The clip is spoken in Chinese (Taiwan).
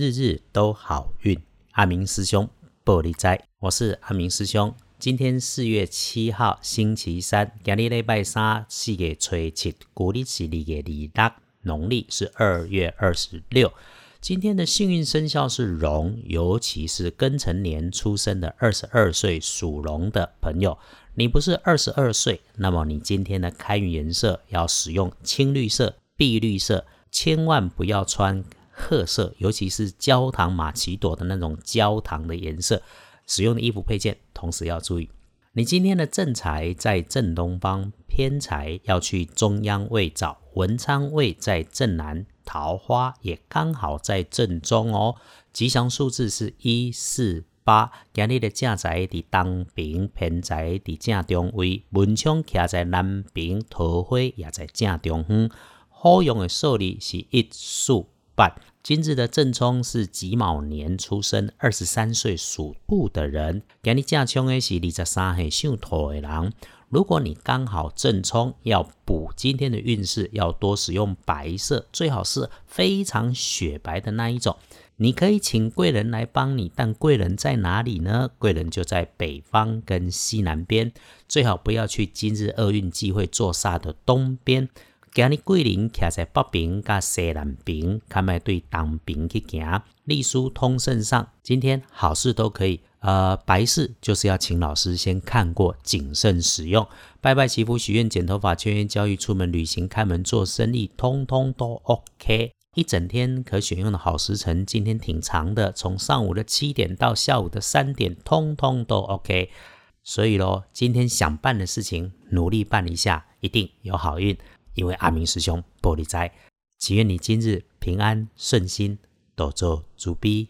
日日都好運，阿明師兄玻璃齋，我是阿明師兄。今天四月七號，星期三，陽曆禮拜三，四月七日，國曆七日，給農曆是二月二十六。今天的幸運生肖是龍，尤其是庚辰年出生的二十二歲屬龍的朋友。你不是二十二歲，那麼你今天的開運顏色要使用青綠色、碧綠色，千萬不要穿。特色，尤其是焦糖瑪奇朵的那種焦糖的顏色，使用的衣服配件，同時要注意，你今天的正財在正東方，偏財要去中央位找文昌位，在正南，桃花也剛好在正中哦。吉祥數字是一四八。今日的正財在，在當邊，偏財在，在正中位，文昌卡在南平，桃花也在正中央。好用的數字是一四八。今日的正沖是己卯年出生，二十三歲屬兔的人，跟你家沖的是二十三歲屬兔的人。如果你剛好正沖，要補今天的運勢，要多使用白色，最好是非常雪白的那一種。你可以請貴人來幫你，但貴人在哪裡呢？貴人就在北方跟西南邊，最好不要去今日厄運機會坐煞的東邊。今日桂林徛在北邊、甲西南邊，看賣對東邊去行。曆書通勝上，今天好事都可以。呃，白事就是要請老師先看過，謹慎使用。拜拜祈福、許願、剪頭髮、簽約、交易、出門旅行、開門做生意，通通都 OK。一整天可選用的好時辰，今天挺長的，從上午的七點到下午的三點，通通都 OK。所以咯，今天想辦的事情，努力辦一下，一定有好運。因為阿明師兄報你知，祈願你今日平安順心，多做主逼。